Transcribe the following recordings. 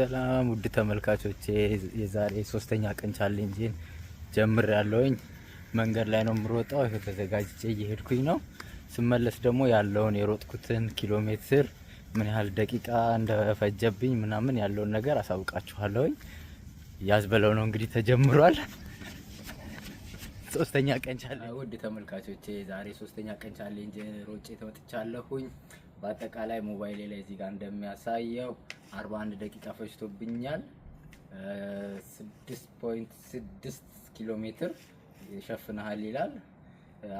ሰላም ውድ ተመልካቾቼ፣ የዛሬ ሶስተኛ ቀን ቻሌንጅን ጀምር ያለውኝ መንገድ ላይ ነው የምሮጠው። ይኸው ተዘጋጅቼ እየሄድኩኝ ነው። ስመለስ ደግሞ ያለውን የሮጥኩትን ኪሎ ሜትር ምን ያህል ደቂቃ እንደፈጀብኝ ምናምን ያለውን ነገር አሳውቃችኋለሁኝ። ያዝበለው ነው እንግዲህ ተጀምሯል። ሶስተኛ ቀን ቻሌንጅ ውድ ተመልካቾቼ፣ ዛሬ ሶስተኛ ቀን ቻሌንጅ ሮጬ ተወጥቻለሁኝ። በአጠቃላይ ሞባይሌ ላይ እዚህ ጋር እንደሚያሳየው 41 ደቂቃ ፈጅቶብኛል። 6.6 ኪሎ ሜትር ሸፍነሃል ይላል።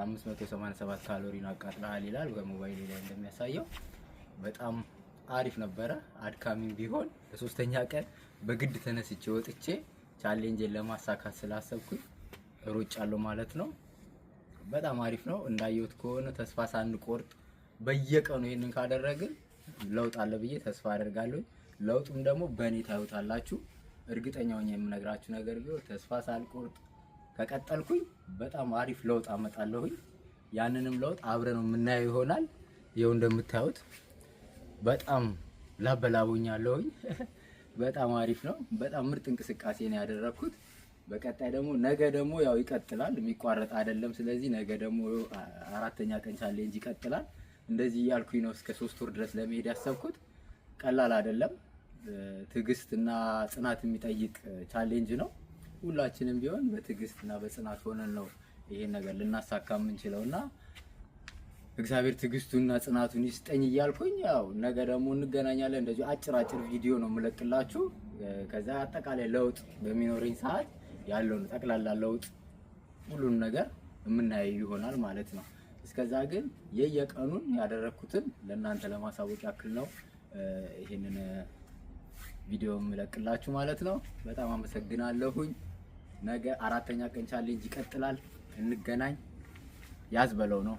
587 ካሎሪን አቃጥለሃል ይላል። በሞባይሌ ላይ እንደሚያሳየው በጣም አሪፍ ነበረ። አድካሚም ቢሆን ለሶስተኛ ቀን በግድ ተነስቼ ወጥቼ ቻሌንጅን ለማሳካት ስላሰብኩኝ ሩጫለሁ ማለት ነው። በጣም አሪፍ ነው። እንዳየሁት ከሆነ ተስፋ ሳንቆርጥ በየቀኑ ይሄንን ካደረግን ለውጥ አለ ብዬ ተስፋ አደርጋለሁ። ለውጡም ደግሞ በእኔ ታዩታላችሁ። እርግጠኛ ሆኜ የምነግራችሁ ነገር ቢሆን ተስፋ ሳልቆርጥ ከቀጠልኩኝ በጣም አሪፍ ለውጥ አመጣለሁኝ። ያንንም ለውጥ አብረን የምናየው ይሆናል። ይኸው እንደምታዩት በጣም ላበላቡኛለሁኝ። በጣም አሪፍ ነው። በጣም ምርጥ እንቅስቃሴ ነው ያደረኩት። በቀጣይ ደግሞ ነገ ደግሞ ያው ይቀጥላል፣ የሚቋረጥ አይደለም። ስለዚህ ነገ ደግሞ አራተኛ ቀን ቻሌንጅ ይቀጥላል። እንደዚህ እያልኩኝ ነው እስከ ሶስት ወር ድረስ ለመሄድ ያሰብኩት። ቀላል አይደለም። ትዕግስት እና ጽናት የሚጠይቅ ቻሌንጅ ነው። ሁላችንም ቢሆን በትዕግስት እና በጽናት ሆነን ነው ይሄን ነገር ልናሳካ የምንችለው እና እግዚአብሔር ትዕግስቱና ጽናቱን ይስጠኝ እያልኩኝ ያው ነገ ደግሞ እንገናኛለን። እንደዚሁ አጭር አጭር ቪዲዮ ነው የምለቅላችሁ። ከዛ አጠቃላይ ለውጥ በሚኖረኝ ሰዓት ያለውን ጠቅላላ ለውጥ ሁሉን ነገር የምናየው ይሆናል ማለት ነው። እስከዛ ግን የየቀኑን ያደረግኩትን ለእናንተ ለማሳወቅ ያክል ነው ይህንን ቪዲዮ የምለቅላችሁ ማለት ነው። በጣም አመሰግናለሁኝ። ነገ አራተኛ ቀን ቻሌንጅ ይቀጥላል። እንገናኝ። ያዝ በለው ነው።